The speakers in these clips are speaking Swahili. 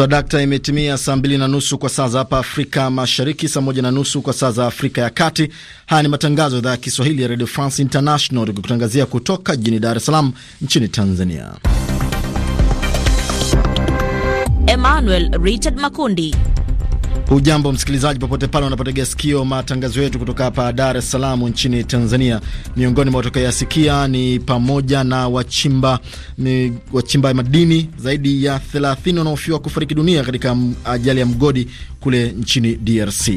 So, dakta, imetimia saa mbili na nusu kwa saa za hapa Afrika Mashariki, saa moja na nusu kwa saa za Afrika ya Kati. Haya ni matangazo ya idhaa ya Kiswahili ya Radio France International, ikikutangazia kutoka jijini Dar es Salaam nchini Tanzania. Emmanuel Richard Makundi. Hujambo msikilizaji, popote pale unapotegea sikio matangazo yetu kutoka hapa Dar es Salaam nchini Tanzania. Miongoni mwa watakayoyasikia ni pamoja na wachimba, ni wachimba madini zaidi ya 30 wanaofiwa kufariki dunia katika ajali ya mgodi kule nchini DRC.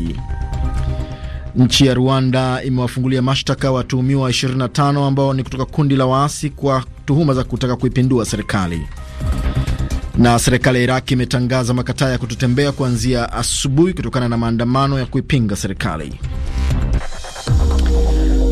Nchi ya Rwanda imewafungulia mashtaka watuhumiwa 25 ambao ni kutoka kundi la waasi kwa tuhuma za kutaka kuipindua serikali. Na serikali ya Iraq imetangaza makataa ya kutotembea kuanzia asubuhi kutokana na maandamano ya kuipinga serikali.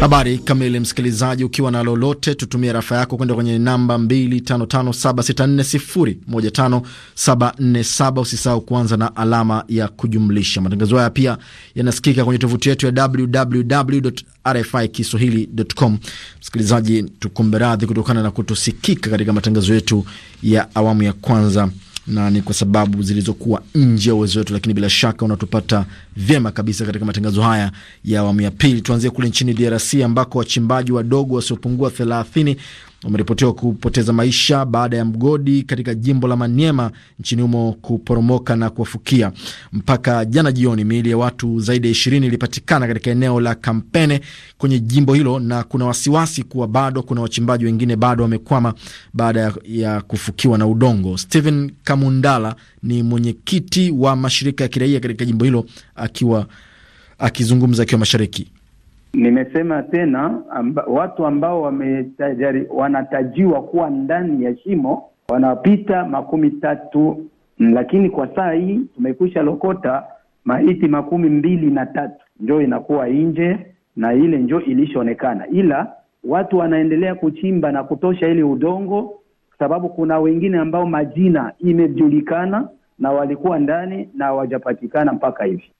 Habari kamili, msikilizaji, ukiwa na lolote, tutumie rafa yako kwenda kwenye namba 255764015747. Usisahau kuanza na alama ya kujumlisha. Matangazo haya pia yanasikika kwenye tovuti yetu ya www.rfikiswahili.com. RFI kiswahili.com. Msikilizaji, tukumbe radhi kutokana na kutosikika katika matangazo yetu ya awamu ya kwanza na ni kwa sababu zilizokuwa nje ya uwezo wetu, lakini bila shaka unatupata vyema kabisa katika matangazo haya ya awamu ya pili. Tuanzie kule nchini DRC ambako wachimbaji wadogo wasiopungua thelathini wameripotiwa kupoteza maisha baada ya mgodi katika jimbo la Maniema nchini humo kuporomoka na kuwafukia. Mpaka jana jioni, miili ya watu zaidi ya ishirini ilipatikana katika eneo la Kampene kwenye jimbo hilo, na kuna wasiwasi kuwa bado kuna wachimbaji wengine bado wamekwama baada ya kufukiwa na udongo. Stephen Kamundala ni mwenyekiti wa mashirika ya kiraia katika jimbo hilo, akiwa akizungumza akiwa mashariki Nimesema tena amba, watu ambao wametajari, wanatajiwa kuwa ndani ya shimo wanapita makumi tatu, lakini kwa saa hii tumekwisha lokota maiti makumi mbili na tatu njo inakuwa nje na ile njo ilishoonekana, ila watu wanaendelea kuchimba na kutosha ile udongo, sababu kuna wengine ambao majina imejulikana na walikuwa ndani na hawajapatikana mpaka hivi.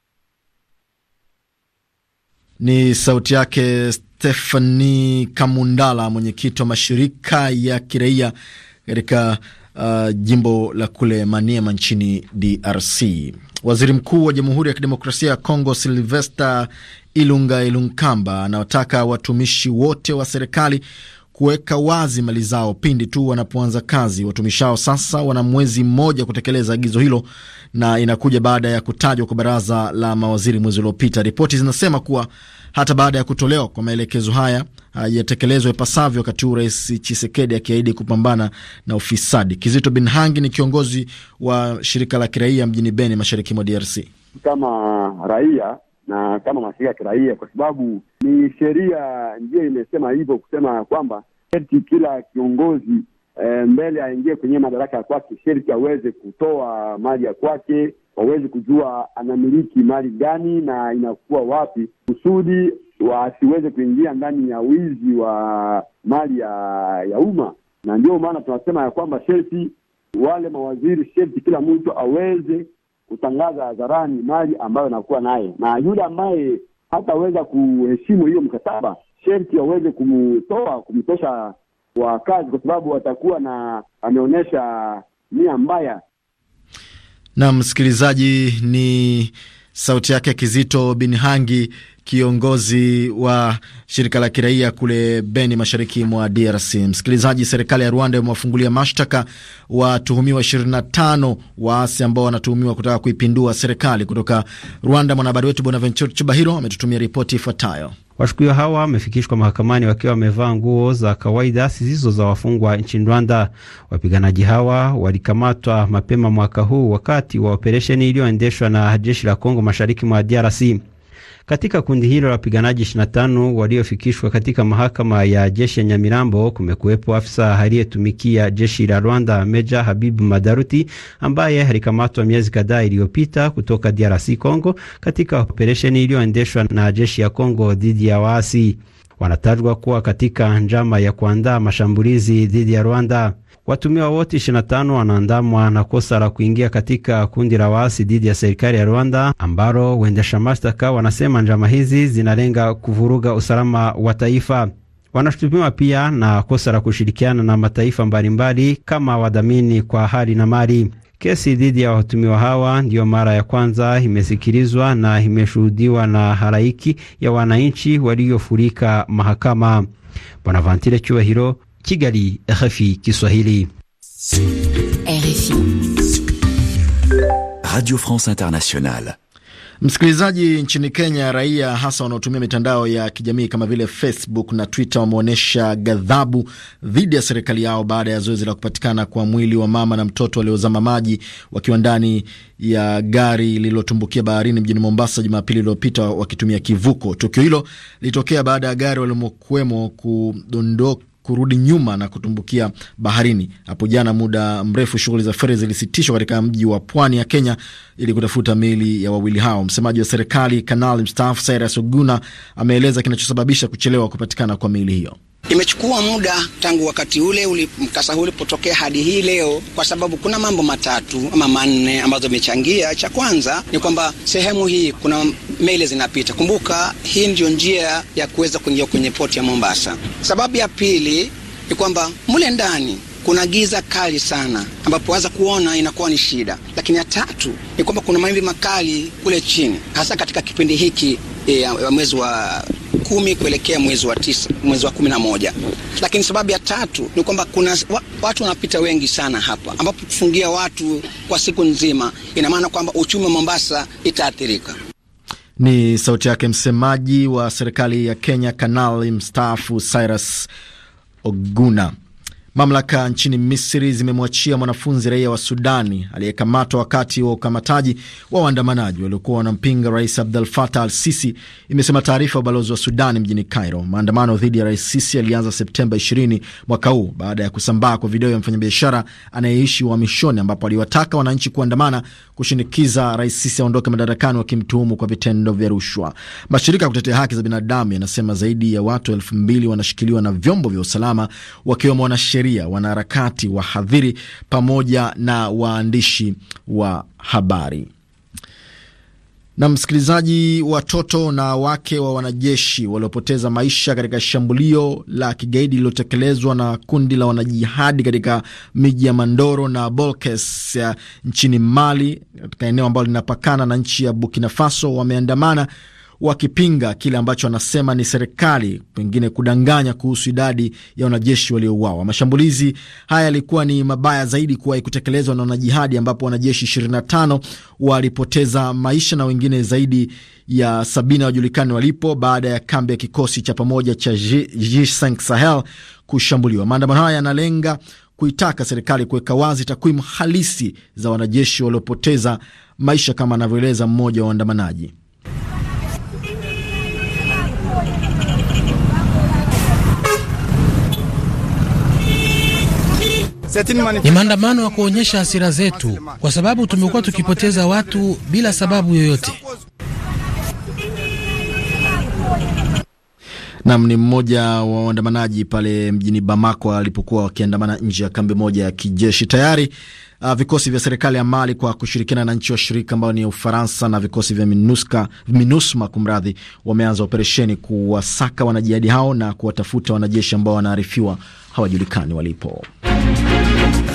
Ni sauti yake Stephanie Kamundala, mwenyekiti wa mashirika ya kiraia katika uh, jimbo la kule Maniema nchini DRC. Waziri Mkuu wa Jamhuri ya Kidemokrasia ya Kongo Silvester Ilunga Ilunkamba anawataka watumishi wote wa serikali kuweka wazi mali zao pindi tu wanapoanza kazi. Watumishi hao sasa wana mwezi mmoja kutekeleza agizo hilo, na inakuja baada ya kutajwa kwa baraza la mawaziri mwezi uliopita. Ripoti zinasema kuwa hata baada ya kutolewa kwa maelekezo haya hayatekelezwa ah, ipasavyo, wakati huu Rais Chisekedi akiahidi kupambana na ufisadi. Kizito Binhangi ni kiongozi wa shirika la kiraia mjini Beni, mashariki mwa DRC. Kama raia na kama mashirika ya kiraia, kwa sababu ni sheria ndiyo imesema hivyo, kusema ya kwamba sherti kila kiongozi e, mbele aingie kwenye madaraka ya kwake, sherti aweze kutoa mali ya kwake, waweze kujua anamiliki mali gani na inakuwa wapi, kusudi wasiweze kuingia ndani ya wizi wa mali ya, ya umma. Na ndio maana tunasema ya kwamba sherti wale mawaziri, sherti kila mtu aweze kutangaza hadharani mali ambayo anakuwa naye na yule ambaye hataweza kuheshimu hiyo mkataba, sherti waweze kumtoa kumtosha wa kazi, kwa sababu atakuwa na ameonyesha nia mbaya. Na msikilizaji, ni sauti yake Kizito Binhangi kiongozi wa shirika la kiraia kule Beni, mashariki mwa DRC. Msikilizaji, serikali ya Rwanda imewafungulia mashtaka watuhumiwa 25 waasi ambao wanatuhumiwa kutaka kuipindua serikali. Kutoka Rwanda, mwanahabari wetu Bonaventure Chubahiro ametutumia ripoti ifuatayo. Washukiwa hawa wamefikishwa mahakamani wakiwa wamevaa nguo za kawaida zisizo za wafungwa nchini Rwanda. Wapiganaji hawa walikamatwa mapema mwaka huu wakati wa operesheni iliyoendeshwa na jeshi la Kongo mashariki mwa DRC. Katika kundi hilo la wapiganaji 25 waliofikishwa katika mahakama ya jeshi ya Nyamirambo, kumekuwepo afisa aliyetumikia jeshi la Rwanda Meja Habibu Madaruti ambaye alikamatwa miezi kadhaa iliyopita kutoka DRC Congo katika operesheni iliyoendeshwa na jeshi ya Congo dhidi ya waasi wanatajwa kuwa katika njama ya kuandaa mashambulizi dhidi ya Rwanda. Watumiwa wote 25 wanaandamwa na kosa la kuingia katika kundi la waasi dhidi ya serikali ya Rwanda, ambalo waendesha mashtaka wanasema njama hizi zinalenga kuvuruga usalama wa taifa. Wanashutumiwa pia na kosa la kushirikiana na mataifa mbalimbali kama wadhamini kwa hali na mali. Kesi dhidi ya watumiwa hawa ndiyo mara ya kwanza imesikilizwa na imeshuhudiwa na halaiki ya wananchi waliofurika mahakama. Bonaventure Cyubahiro, Kigali, RFI Kiswahili. RFI. Radio France Internationale. Msikilizaji, nchini Kenya, raia hasa wanaotumia mitandao ya kijamii kama vile Facebook na Twitter wameonyesha ghadhabu dhidi ya serikali yao baada ya zoezi la kupatikana kwa mwili wa mama na mtoto waliozama maji wakiwa ndani ya gari lililotumbukia baharini mjini Mombasa Jumapili iliyopita wakitumia kivuko. Tukio hilo lilitokea baada ya gari walimokuwemo kudondoka kurudi nyuma na kutumbukia baharini. Hapo jana muda mrefu shughuli za feri zilisitishwa katika mji wa pwani ya Kenya ili kutafuta miili ya wawili hao. Msemaji wa serikali kanali mstaafu Cyrus Oguna ameeleza kinachosababisha kuchelewa kupatikana kwa miili hiyo. Imechukua muda tangu wakati ule uli, mkasa huu ulipotokea hadi hii leo, kwa sababu kuna mambo matatu ama manne ambazo imechangia. Cha kwanza ni kwamba sehemu hii kuna meli zinapita. Kumbuka hii ndio njia ya kuweza kuingia kwenye poti ya Mombasa. Sababu ya pili ni kwamba mule ndani kuna giza kali sana ambapo waza kuona inakuwa ni shida. Lakini ya tatu ni kwamba kuna mawimbi makali kule chini, hasa katika kipindi hiki eh, ya e, mwezi wa kumi kuelekea mwezi wa tisa, mwezi wa kumi na moja. Lakini sababu ya tatu ni kwamba kuna watu wanapita wengi sana hapa, ambapo kufungia watu kwa siku nzima ina maana kwamba uchumi wa Mombasa itaathirika. Ni sauti yake msemaji wa serikali ya Kenya, kanali mstaafu Cyrus Oguna. Mamlaka nchini Misri zimemwachia mwanafunzi raia wa Sudani aliyekamatwa wakati wa ukamataji wa waandamanaji waliokuwa wanampinga Rais Abdul Fatah al Sisi, imesema taarifa ya ubalozi wa Sudani mjini Cairo. Maandamano dhidi ya Rais Sisi yalianza Septemba 20 mwaka huu baada ya kusambaa kwa video ya mfanyabiashara anayeishi uhamishoni, ambapo aliwataka wananchi kuandamana kushinikiza Rais Sisi aondoke madarakani, wakimtuhumu kwa vitendo vya rushwa. Mashirika ya kutetea haki za binadamu yanasema zaidi ya watu elfu mbili wanashikiliwa na vyombo vya usalama wakiwemo wanash wanasheria, wanaharakati, wahadhiri pamoja na waandishi wa habari. Na msikilizaji, watoto na wake wa wanajeshi waliopoteza maisha katika shambulio la kigaidi lililotekelezwa na kundi la wanajihadi katika miji ya Mandoro na Bolkes eh, nchini Mali, katika eneo ambalo linapakana na nchi ya Burkina Faso wameandamana wakipinga kile ambacho wanasema ni serikali pengine kudanganya kuhusu idadi ya wanajeshi waliouawa. Mashambulizi haya yalikuwa ni mabaya zaidi kuwahi kutekelezwa na wanajihadi, ambapo wanajeshi 25 walipoteza maisha na wengine zaidi ya sabini wajulikani walipo baada ya kambi ya kikosi cha pamoja cha G5 Sahel kushambuliwa. Maandamano haya yanalenga kuitaka serikali kuweka wazi takwimu halisi za wanajeshi waliopoteza maisha, kama anavyoeleza mmoja wa waandamanaji. Ni maandamano ya kuonyesha hasira zetu, kwa sababu tumekuwa tukipoteza watu bila sababu yoyote. Nam ni mmoja wa waandamanaji pale mjini Bamako alipokuwa wakiandamana nje ya kambi moja ya kijeshi. Tayari uh, vikosi vya serikali ya Mali kwa kushirikiana na nchi washirika ambayo ni Ufaransa na vikosi vya minuska, MINUSMA kumradhi, wameanza operesheni kuwasaka wanajihadi hao na kuwatafuta wanajeshi ambao wanaarifiwa hawajulikani walipo.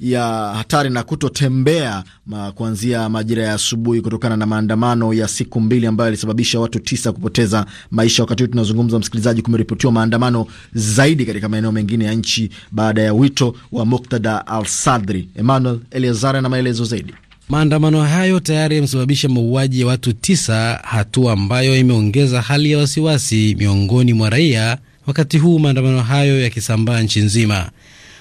ya hatari na kutotembea ma, kuanzia majira ya asubuhi kutokana na maandamano ya siku mbili ambayo yalisababisha watu tisa kupoteza maisha. Wakati huu tunazungumza, msikilizaji, kumeripotiwa maandamano zaidi katika maeneo mengine ya nchi baada ya wito wa Muktada al Sadri. Emmanuel eliazar na maelezo zaidi. Maandamano hayo tayari yamesababisha mauaji ya watu tisa, hatua ambayo imeongeza hali ya wasiwasi miongoni mwa raia, wakati huu maandamano hayo yakisambaa nchi nzima.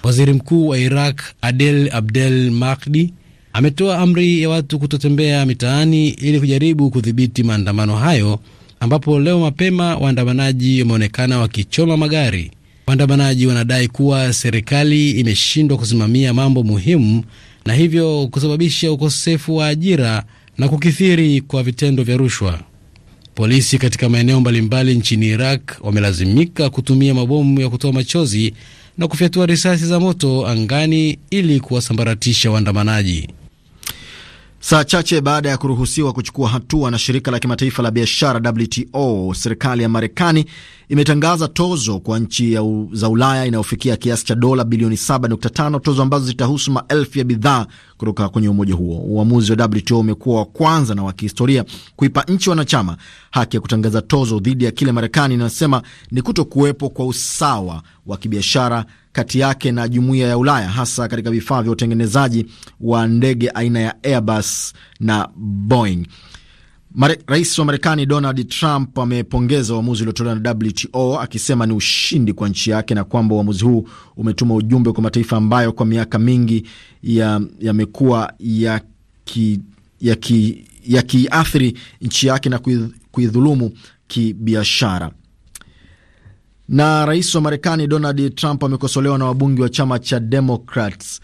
Waziri mkuu wa Iraq Adel Abdel Mahdi ametoa amri ya watu kutotembea mitaani ili kujaribu kudhibiti maandamano hayo, ambapo leo mapema waandamanaji wameonekana wakichoma magari. Waandamanaji wanadai kuwa serikali imeshindwa kusimamia mambo muhimu na hivyo kusababisha ukosefu wa ajira na kukithiri kwa vitendo vya rushwa. Polisi katika maeneo mbalimbali nchini Iraq wamelazimika kutumia mabomu ya kutoa machozi na kufyatua risasi za moto angani ili kuwasambaratisha waandamanaji. Saa chache baada ya kuruhusiwa kuchukua hatua na shirika la kimataifa la biashara WTO, serikali ya Marekani imetangaza tozo kwa nchi za Ulaya inayofikia kiasi cha dola bilioni 7.5, tozo ambazo zitahusu maelfu ya bidhaa kutoka kwenye umoja huo. Uamuzi wa WTO umekuwa wa kwanza na wa kihistoria kuipa nchi wanachama haki ya kutangaza tozo dhidi ya kile Marekani inasema ni kuto kuwepo kwa usawa wa kibiashara kati yake na jumuiya ya Ulaya, hasa katika vifaa vya utengenezaji wa ndege aina ya Airbus na Boeing. Mare, rais wa Marekani Donald Trump amepongeza uamuzi uliotolewa na WTO akisema ni ushindi kwa nchi yake na kwamba uamuzi huu umetuma ujumbe kwa mataifa ambayo kwa miaka mingi yamekuwa ya yakiathiri ya ki, ya nchi yake na kuidhulumu kibiashara. Na rais wa Marekani Donald Trump amekosolewa na wabunge wa chama cha Democrats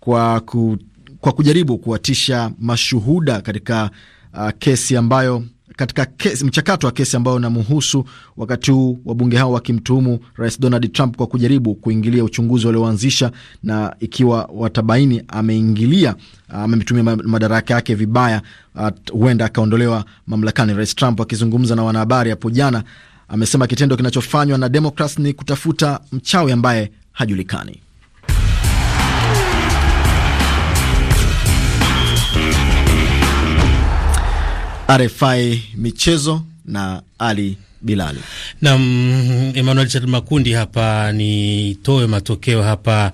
kwa, ku, kwa kujaribu kuwatisha mashuhuda katika uh, kesi ambayo katika kesi, mchakato wa kesi ambayo unamhusu wakati huu wabunge hao wakimtuhumu Rais Donald Trump kwa kujaribu kuingilia uchunguzi walioanzisha, na ikiwa watabaini ameingilia, uh, amemtumia madaraka yake vibaya, uh, huenda akaondolewa mamlakani. Rais Trump akizungumza na wanahabari hapo jana amesema kitendo kinachofanywa na Democrats ni kutafuta mchawi ambaye hajulikani. RFI michezo na Ali Bilali. Naam, Emmanuel Chad Makundi hapa nitoe matokeo hapa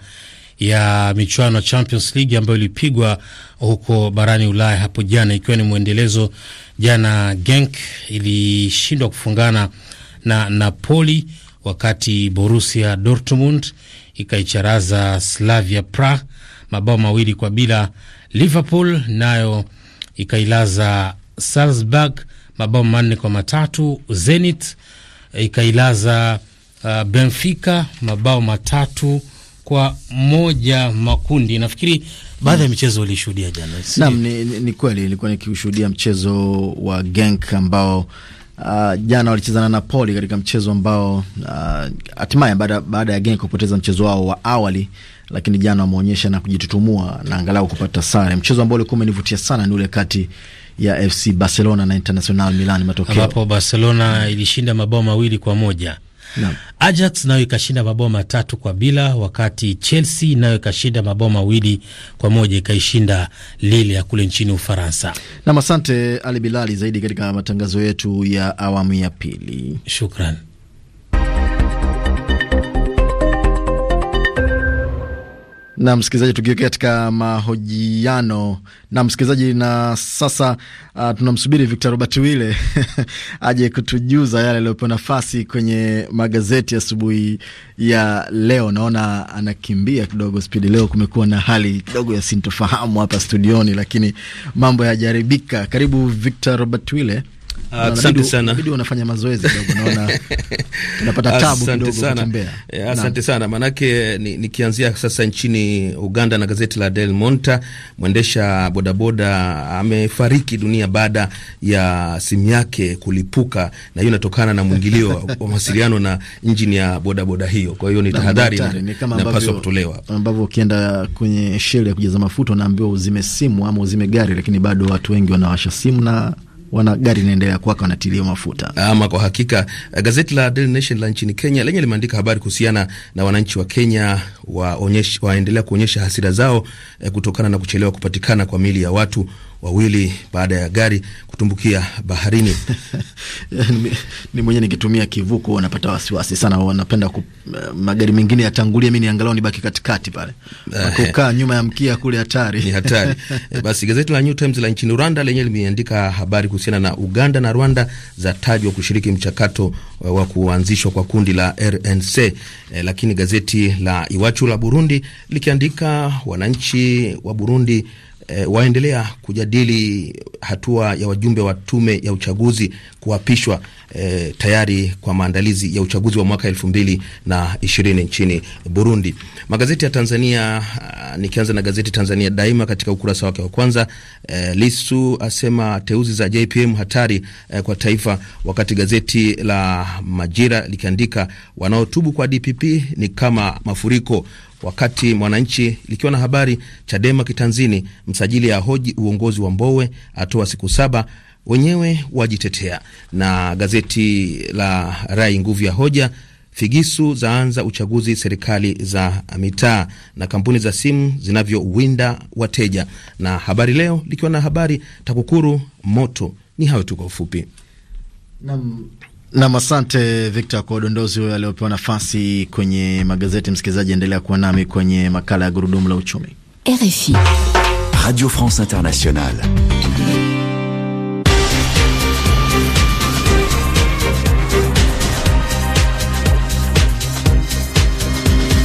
ya michuano ya Champions League ambayo ilipigwa huko barani Ulaya hapo jana, ikiwa ni mwendelezo. Jana Genk ilishindwa kufungana na Napoli, wakati Borussia Dortmund ikaicharaza Slavia pra mabao mawili kwa bila. Liverpool nayo ikailaza Salzburg mabao manne kwa matatu. Zenit eh, ikailaza uh, Benfica mabao matatu kwa moja makundi. Nafikiri baadhi ya michezo ulishuhudia jana. Naam, ni, ni, ni kweli ilikuwa nikiushuhudia mchezo wa Genk ambao Uh, jana walichezana na Napoli katika mchezo ambao ah, hatimaye uh, baada, baada ya Genk kupoteza mchezo wao wa awali, lakini jana wameonyesha na kujitutumua na angalau kupata sare. Mchezo ambao ulikuwa umenivutia sana ni ule kati ya FC Barcelona na International Milan matokeo. Ambapo Barcelona ilishinda mabao mawili kwa moja. Na. Ajax nayo ikashinda mabao matatu kwa bila, wakati Chelsea nayo ikashinda mabao mawili kwa moja ikaishinda Lille ya kule nchini Ufaransa. Nam, asante Ali Bilali zaidi katika matangazo yetu ya awamu ya pili. Shukran. na msikilizaji, tukiwekea katika mahojiano na msikilizaji. Na sasa uh, tunamsubiri Victor Robert Wile aje kutujuza yale aliyopewa nafasi kwenye magazeti asubuhi ya, ya leo. Naona anakimbia kidogo spidi leo, kumekuwa na hali kidogo ya sintofahamu hapa studioni, lakini mambo yajaribika. Karibu Victor Robert Wile. Ah, asante sana. Inabidi unafanya mazoezi kidogo, naona unapata tabu kidogo kutembea. Eh, asante sana, maanake nikianzia ni sasa nchini Uganda na gazeti la Del Monta, mwendesha bodaboda amefariki dunia baada ya simu yake kulipuka, na hiyo inatokana na mwingilio wa mawasiliano na injini ya bodaboda hiyo. Kwa hiyo ni tahadhari inapaswa kutolewa, ambavyo ukienda kwenye sheli ya kujaza mafuta unaambiwa uzime simu ama uzime gari, lakini bado watu wengi wanawasha simu na wana gari inaendelea kuwaka, wanatilia mafuta. Ama kwa hakika eh, gazeti la Daily Nation la nchini Kenya lenye limeandika habari kuhusiana na wananchi wa Kenya waendelea kuonyesha hasira zao eh, kutokana na kuchelewa kupatikana kwa mili ya watu wawili baada ya gari kutumbukia baharini. Ni mwenye nikitumia kivuko wanapata wasiwasi sana, wanapenda ku, eh, magari mengine yatangulie, mimi niangalau nibaki katikati pale, eh. kukaa nyuma ya mkia kule, hatari ni hatari. Eh, basi gazeti la New Times la nchini Rwanda lenye limeandika habari kuhusiana na Uganda na Rwanda za tajwa kushiriki mchakato wa kuanzishwa kwa kundi la RNC. Eh, lakini gazeti la Iwachu la Burundi likiandika wananchi wa Burundi E, waendelea kujadili hatua ya wajumbe wa tume ya uchaguzi kuapishwa e, tayari kwa maandalizi ya uchaguzi wa mwaka elfu mbili na ishirini nchini Burundi. Magazeti ya Tanzania, ah, nikianza na gazeti Tanzania Daima, katika ukurasa wake wa kwanza e, eh, Lisu asema teuzi za JPM hatari e, kwa taifa, wakati gazeti la Majira likiandika wanaotubu kwa DPP ni kama mafuriko Wakati Mwananchi likiwa na habari Chadema kitanzini, msajili ya hoji uongozi wa Mbowe atoa siku saba wenyewe wajitetea, na gazeti la Rai nguvu ya hoja Figisu zaanza uchaguzi serikali za mitaa na kampuni za simu zinavyowinda wateja. Na habari leo likiwa na habari TAKUKURU moto. Ni hayo tu kwa ufupi Nam, asante Victor kwa udondozi huyo aliopewa nafasi kwenye magazeti. Msikilizaji, endelea kuwa nami kwenye makala ya gurudumu la uchumi, RFI Radio France Internationale.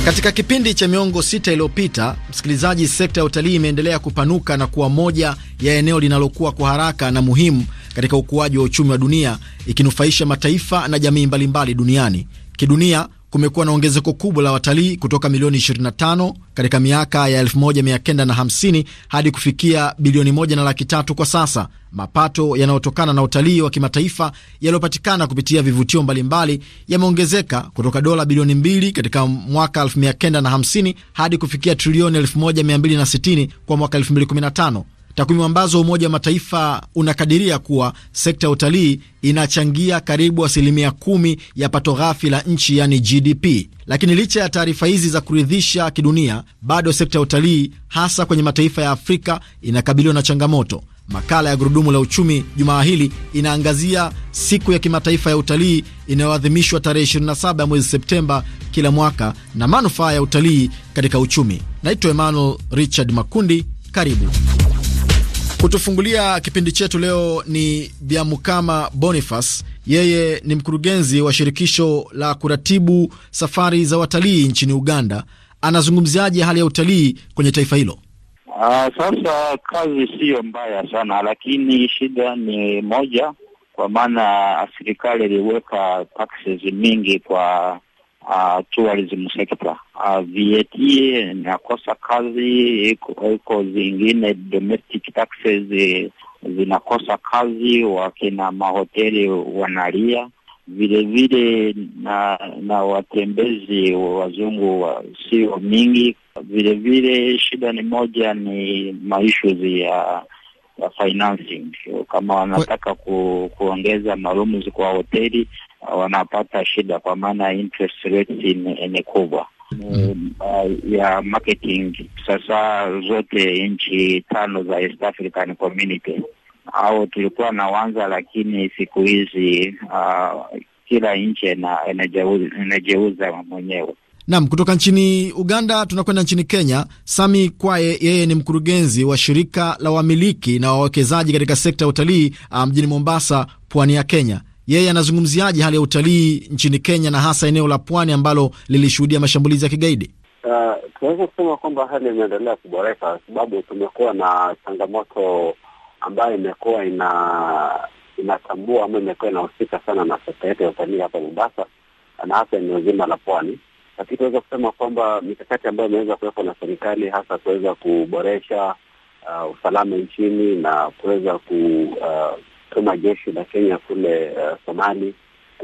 Katika kipindi cha miongo sita iliyopita, msikilizaji, sekta ya utalii imeendelea kupanuka na kuwa moja ya eneo linalokuwa kwa haraka na muhimu katika ukuaji wa uchumi wa dunia ikinufaisha mataifa na jamii mbalimbali duniani. Kidunia kumekuwa na ongezeko kubwa la watalii kutoka milioni 25 katika miaka ya 1950 hadi kufikia bilioni 1 na laki tatu kwa sasa. Mapato yanayotokana na utalii wa kimataifa yaliyopatikana kupitia vivutio mbalimbali yameongezeka kutoka dola bilioni 2 katika mwaka 1950 hadi kufikia trilioni 1260 kwa mwaka 2015 takwimu ambazo Umoja wa Mataifa unakadiria kuwa sekta ya utalii inachangia karibu asilimia kumi ya pato ghafi la nchi, yani GDP. Lakini licha ya taarifa hizi za kuridhisha kidunia, bado sekta ya utalii hasa kwenye mataifa ya Afrika inakabiliwa na changamoto. Makala ya Gurudumu la Uchumi jumaa hili inaangazia siku ya kimataifa ya utalii inayoadhimishwa tarehe 27 ya mwezi Septemba kila mwaka na manufaa ya utalii katika uchumi. Naitwa Emmanuel Richard Makundi, karibu. Kutufungulia kipindi chetu leo ni Biamukama Boniface. Yeye ni mkurugenzi wa shirikisho la kuratibu safari za watalii nchini Uganda. Anazungumziaje hali ya utalii kwenye taifa hilo? Uh, sasa kazi siyo mbaya sana, lakini shida ni moja, kwa maana serikali iliweka taxes mingi kwa uh, tourism sector uh, VAT inakosa kazi, iko zingine domestic taxes zinakosa kazi, wakina mahoteli wanalia vilevile na na watembezi wazungu wa sio mingi. Vilevile shida ni moja ni maishuzi ya ya financing, kama wanataka ku, kuongeza marumu kwa hoteli wanapata shida kwa maana interest rate ni kubwa mm. uh, ya marketing sasa zote nchi tano za East African Community au tulikuwa na wanza, lakini siku hizi uh, kila nchi inajeuza mwenyewe. Naam, kutoka nchini Uganda tunakwenda nchini Kenya. Sami Kwaye, yeye ni mkurugenzi wa shirika la wamiliki na wawekezaji katika sekta ya utalii uh, mjini um, Mombasa, pwani ya Kenya yeye anazungumziaje hali ya utalii nchini Kenya na hasa eneo la pwani ambalo lilishuhudia mashambulizi ya kigaidi? Uh, tunaweza kusema kwamba hali imeendelea kuboreka kwa sababu tumekuwa na changamoto ambayo imekuwa ina inatambua ama imekuwa inahusika sana na sekta yetu ya utalii hapa Mombasa na hasa eneo zima la pwani, lakini tunaweza kusema kwamba mikakati ambayo imeweza kuwekwa na serikali hasa kuweza kuboresha uh, usalama nchini na kuweza ku uh, kama jeshi la Kenya kule uh, Somali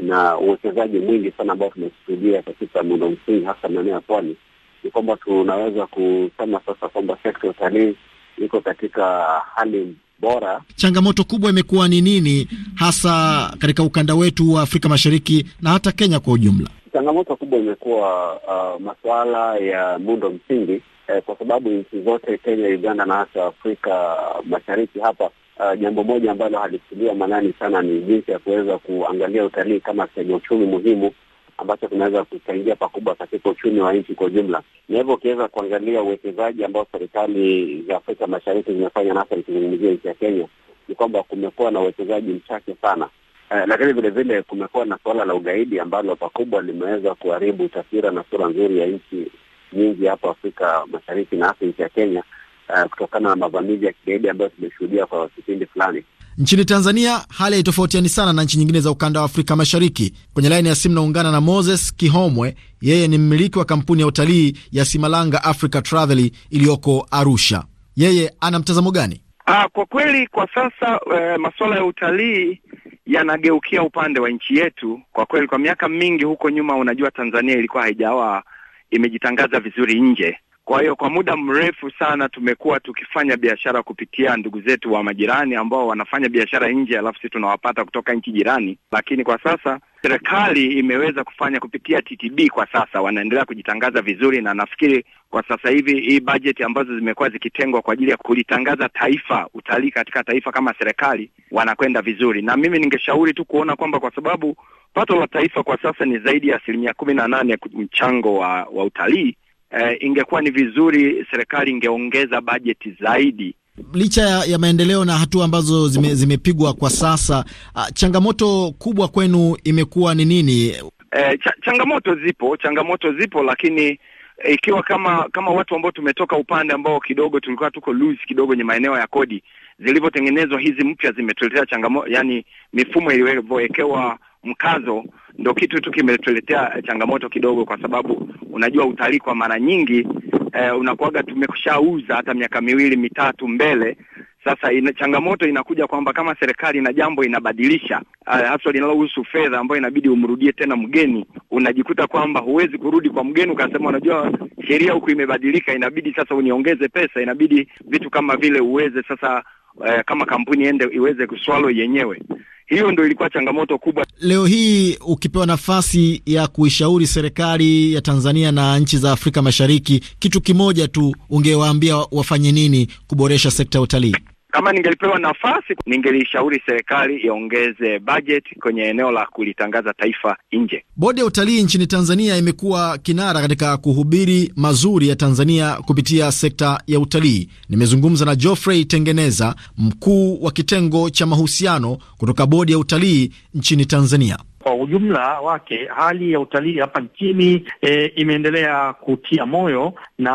na uwekezaji mwingi sana ambao tumeshuhudia katika miundo msingi hasa maeneo ya pwani, ni kwamba tunaweza kusema sasa kwamba sekta ya utalii iko katika hali bora. Changamoto kubwa imekuwa ni nini hasa katika ukanda wetu wa Afrika Mashariki na hata Kenya kwa ujumla? Changamoto kubwa imekuwa uh, masuala ya muundo msingi eh, kwa sababu nchi zote Kenya, Uganda na hata Afrika Mashariki hapa uh, jambo moja ambalo halikulia manani sana ni jinsi ya kuweza kuangalia utalii kama sehemu uchumi muhimu ambacho kinaweza kuchangia pakubwa katika uchumi wa nchi kwa ujumla, na hivyo ukiweza kuangalia uwekezaji ambao serikali za Afrika Mashariki zimefanya, nasa ikizungumzia nchi ya Kenya, ni kwamba kumekuwa na uwekezaji mchache sana. Uh, lakini vile vile kumekuwa na suala la ugaidi ambalo pakubwa limeweza kuharibu taswira na sura nzuri ya nchi nyingi hapa Afrika Mashariki na hasa nchi ya Kenya uh, kutokana na mavamizi ya kigaidi ambayo tumeshuhudia kwa kipindi fulani. Nchini Tanzania hali haitofautiani sana na nchi nyingine za ukanda wa Afrika Mashariki. Kwenye laini ya simu naungana na Moses Kihomwe, yeye ni mmiliki wa kampuni ya utalii ya Simalanga Africa Travel iliyoko Arusha. Yeye ana mtazamo gani? Aa, ah, kwa kweli kwa sasa e, masuala ya utalii yanageukia upande wa nchi yetu. Kwa kweli, kwa miaka mingi huko nyuma, unajua Tanzania ilikuwa haijawa imejitangaza vizuri nje kwa hiyo kwa muda mrefu sana tumekuwa tukifanya biashara kupitia ndugu zetu wa majirani ambao wanafanya biashara nje, alafu sisi tunawapata kutoka nchi jirani, lakini kwa sasa serikali imeweza kufanya kupitia TTB. Kwa sasa wanaendelea kujitangaza vizuri, na nafikiri kwa sasa hivi hii bajeti ambazo zimekuwa zikitengwa kwa ajili ya kulitangaza taifa, utalii katika taifa kama serikali, wanakwenda vizuri, na mimi ningeshauri tu kuona kwamba kwa sababu pato la taifa kwa sasa ni zaidi ya asilimia kumi na nane mchango wa, wa utalii eh, ingekuwa ni vizuri serikali ingeongeza bajeti zaidi licha ya, ya maendeleo na hatua ambazo zime, zimepigwa kwa sasa. Uh, changamoto kubwa kwenu imekuwa ni nini? E, cha, changamoto zipo, changamoto zipo, lakini eh, ikiwa kama kama watu ambao tumetoka upande ambao kidogo tulikuwa tuko loose kidogo kwenye maeneo ya kodi zilivyotengenezwa, hizi mpya zimetuletea changamoto, yani mifumo ilivyowekewa mkazo ndo kitu tu kimetuletea eh, changamoto kidogo, kwa sababu Unajua utalii kwa mara nyingi eh, unakuwaga tumekushauza hata miaka miwili mitatu mbele. Sasa ina changamoto inakuja kwamba kama serikali na jambo inabadilisha eh, hasa linalohusu fedha ambayo inabidi umrudie tena mgeni, unajikuta kwamba huwezi kurudi kwa mgeni ukasema, unajua sheria huku imebadilika, inabidi sasa uniongeze pesa, inabidi vitu kama vile uweze sasa eh, kama kampuni ende iweze kuswalo yenyewe. Hiyo ndio ilikuwa changamoto kubwa. Leo hii ukipewa nafasi ya kuishauri serikali ya Tanzania na nchi za Afrika Mashariki, kitu kimoja tu ungewaambia wafanye nini kuboresha sekta ya utalii? Kama ningelipewa nafasi, ningelishauri serikali iongeze bajeti kwenye eneo la kulitangaza taifa nje. Bodi ya utalii nchini Tanzania imekuwa kinara katika kuhubiri mazuri ya Tanzania kupitia sekta ya utalii. Nimezungumza na Geoffrey Tengeneza, mkuu wa kitengo cha mahusiano kutoka bodi ya utalii nchini Tanzania. Kwa ujumla wake hali ya utalii hapa nchini e, imeendelea kutia moyo na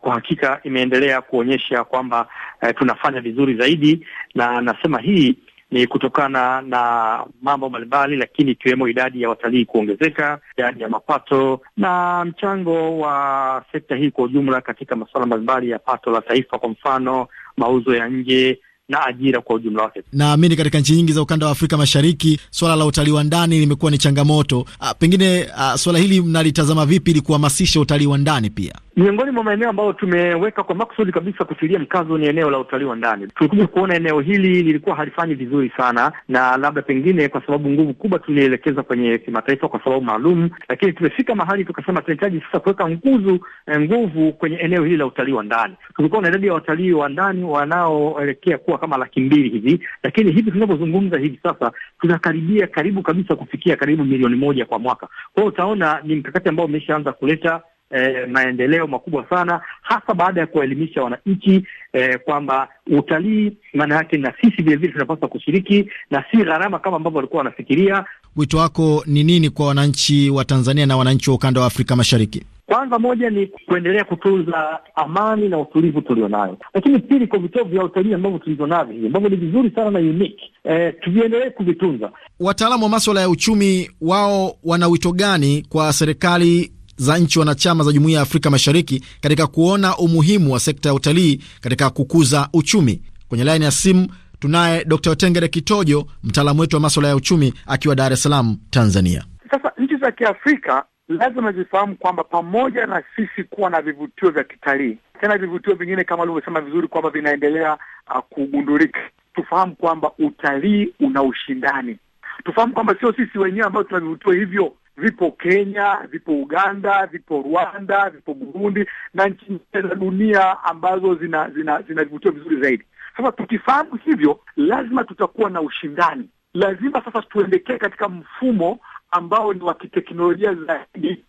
kwa hakika imeendelea kuonyesha kwamba eh, tunafanya vizuri zaidi, na nasema hii ni kutokana na mambo mbalimbali, lakini ikiwemo idadi ya watalii kuongezeka, idadi ya mapato na mchango wa sekta hii kwa ujumla katika masuala mbalimbali ya pato la taifa, kwa mfano mauzo ya nje na ajira kwa ujumla wake. Naamini katika nchi nyingi za ukanda wa Afrika Mashariki swala la utalii wa ndani limekuwa ni changamoto. A, ah, pengine a, ah, swala hili mnalitazama vipi ili kuhamasisha utalii wa ndani pia? Miongoni mwa maeneo ambayo tumeweka kwa makusudi kabisa kutilia mkazo ni eneo la utalii wa ndani. Tulikuja kuona eneo hili lilikuwa halifanyi vizuri sana, na labda pengine kwa sababu nguvu kubwa tulielekeza kwenye kimataifa kwa sababu maalum, lakini tumefika mahali tukasema tunahitaji sasa kuweka nguzu eh, nguvu kwenye eneo hili la utalii wa ndani. Tulikuwa na idadi ya watalii wa ndani wanaoelekea kuwa kama laki mbili hivi, lakini hivi tunavyozungumza hivi sasa tunakaribia karibu kabisa kufikia karibu milioni moja kwa mwaka. Kwa hiyo utaona ni mkakati ambao umeshaanza kuleta eh, maendeleo makubwa sana, hasa baada ya kuwaelimisha wananchi eh, kwamba utalii maana yake na sisi vilevile tunapaswa kushiriki na si gharama kama ambavyo walikuwa wanafikiria. Wito wako ni nini kwa wananchi wa Tanzania na wananchi wa ukanda wa Afrika Mashariki? Kwanza moja ni kuendelea kutunza amani na utulivu tulionayo, lakini pili, kwa vituo vya utalii ambavyo tulivyonavyo hivi ambavyo ni vizuri sana na unique e, tuviendelee kuvitunza. Wataalamu wa maswala ya uchumi wao wana wito gani kwa serikali za nchi wanachama za Jumuiya ya Afrika Mashariki katika kuona umuhimu wa sekta ya utalii katika kukuza uchumi. Kwenye laini ya simu tunaye d Wetengere Kitojo, mtaalamu wetu wa maswala ya uchumi akiwa Dar es Salaam, Tanzania. Sasa nchi za Kiafrika lazima zifahamu kwamba pamoja na sisi kuwa na vivutio vya kitalii, tena vivutio vingine kama ulivyosema vizuri kwamba vinaendelea uh, kugundulika, tufahamu kwamba utalii una ushindani, tufahamu kwamba sio sisi wenyewe ambao tuna vivutio hivyo vipo Kenya, vipo Uganda, vipo Rwanda, vipo Burundi na nchi nyingine za dunia ambazo zina zina zinavivutio vizuri zaidi. Sasa tukifahamu hivyo, lazima tutakuwa na ushindani. Lazima sasa tuendekee katika mfumo ambao ni wa kiteknolojia zaidi.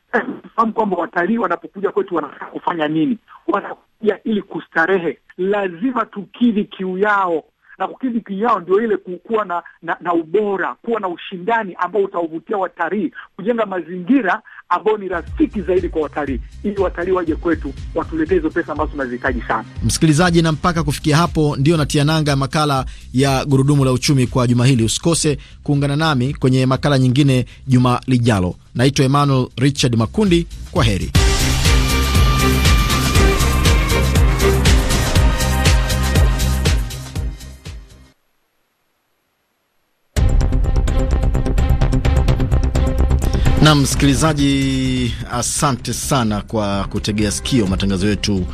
Fahamu kwamba watalii wanapokuja kwetu wanataka kufanya nini? Wanakuja ili kustarehe, lazima tukidhi kiu yao na kukidhi kiao ndio ile kuwa na, na, na ubora, kuwa na ushindani ambao utawavutia watalii, kujenga mazingira ambayo ni rafiki zaidi kwa watalii, ili watalii waje kwetu watuletee hizo pesa ambazo tunazihitaji sana. Msikilizaji, na mpaka kufikia hapo ndio natia nanga ya makala ya Gurudumu la Uchumi kwa juma hili. Usikose kuungana nami kwenye makala nyingine juma lijalo. Naitwa Emmanuel Richard Makundi, kwa heri. Na msikilizaji, asante sana kwa kutegea sikio matangazo yetu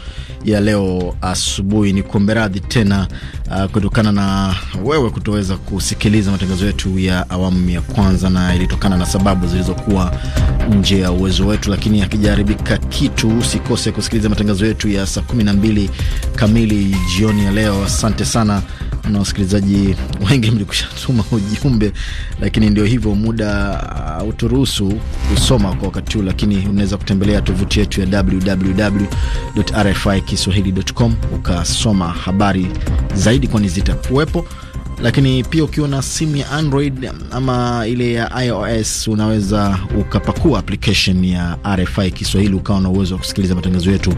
ya leo asubuhi. Ni kuombe radhi tena uh, kutokana na wewe kutoweza kusikiliza matangazo yetu ya awamu ya kwanza, na ilitokana na sababu zilizokuwa nje ya uwezo wetu, lakini akijaribika kitu, usikose kusikiliza matangazo yetu ya saa 12 kamili jioni ya leo. Asante sana na wasikilizaji wengi mlikushatuma ujumbe, lakini ndio hivyo, muda uh, uturuhusu kusoma kwa wakati huu, lakini unaweza kutembelea tovuti yetu ya www.rfikiswahili.com ukasoma habari zaidi, kwani zitakuwepo lakini pia ukiwa na simu ya Android ama ile ya iOS unaweza ukapakua application ya RFI Kiswahili ukawa na uwezo wa kusikiliza matangazo yetu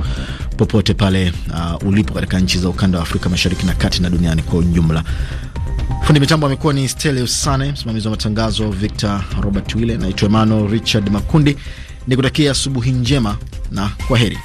popote pale uh, ulipo katika nchi za ukanda wa Afrika Mashariki na Kati na duniani kwa ujumla. Fundi mitambo amekuwa ni stele Sane, msimamizi wa matangazo Victor Robert Wille. Naitwa Emmanuel Richard Makundi, nikutakia asubuhi njema na kwa heri.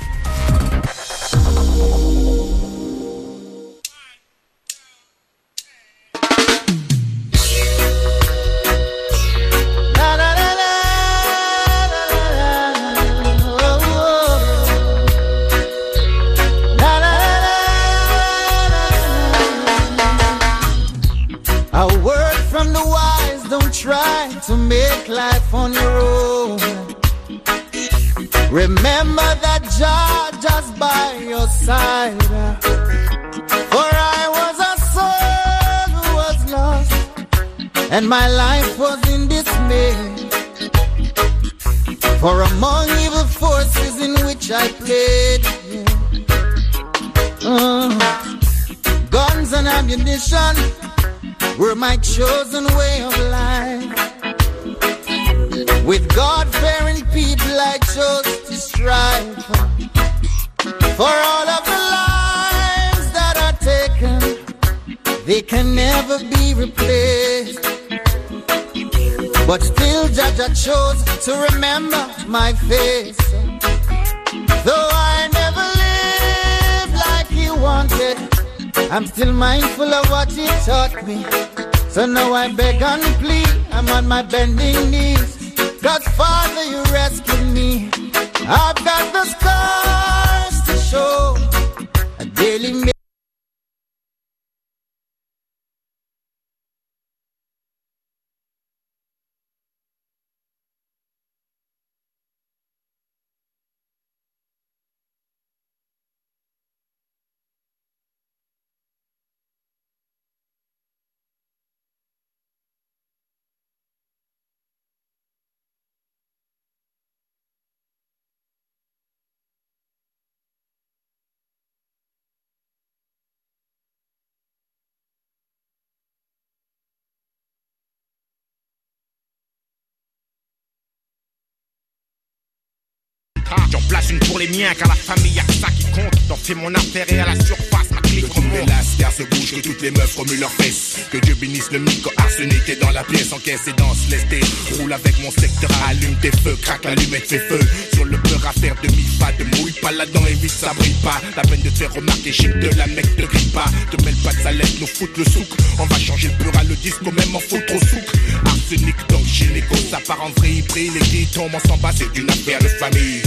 and my life was in dismay. For among evil forces in which I played, yeah. uh, guns and ammunition were my chosen way of life. With God-fearing people, I chose to strive for all of the lives that are taken. They can never be replaced. But still Jaja chose to remember my face. Though I never lived like he wanted, I'm still mindful of what he taught me. So now I beg and plead, I'm on my bending knees. God's Father, you rescued me. I've got the scars. une pour les miens, car la famille y'a ça qui compte. T'en fais mon affaire et à la surface, ma clique remonte. Que se bouge, que toutes les meufs remuent leurs fesses. Que Dieu bénisse le micro arsenic est dans la pièce, encaisse et danse, lesté roule avec mon secteur, allume tes feux, craque allume fais feu. Sur le beurre à faire demi-pas, de mouille pas la dent et vite ça brille pas. La peine de te faire remarquer, chic de la mec te grille pas. Te mêle pas de sa nous foutre le souk. On va changer le beurre à le disque, même en foutre au souk. Arsenic donc gynéco, ça part en vrille, brille, les guitons, on s'en bat, c'est d'une affaire de famille.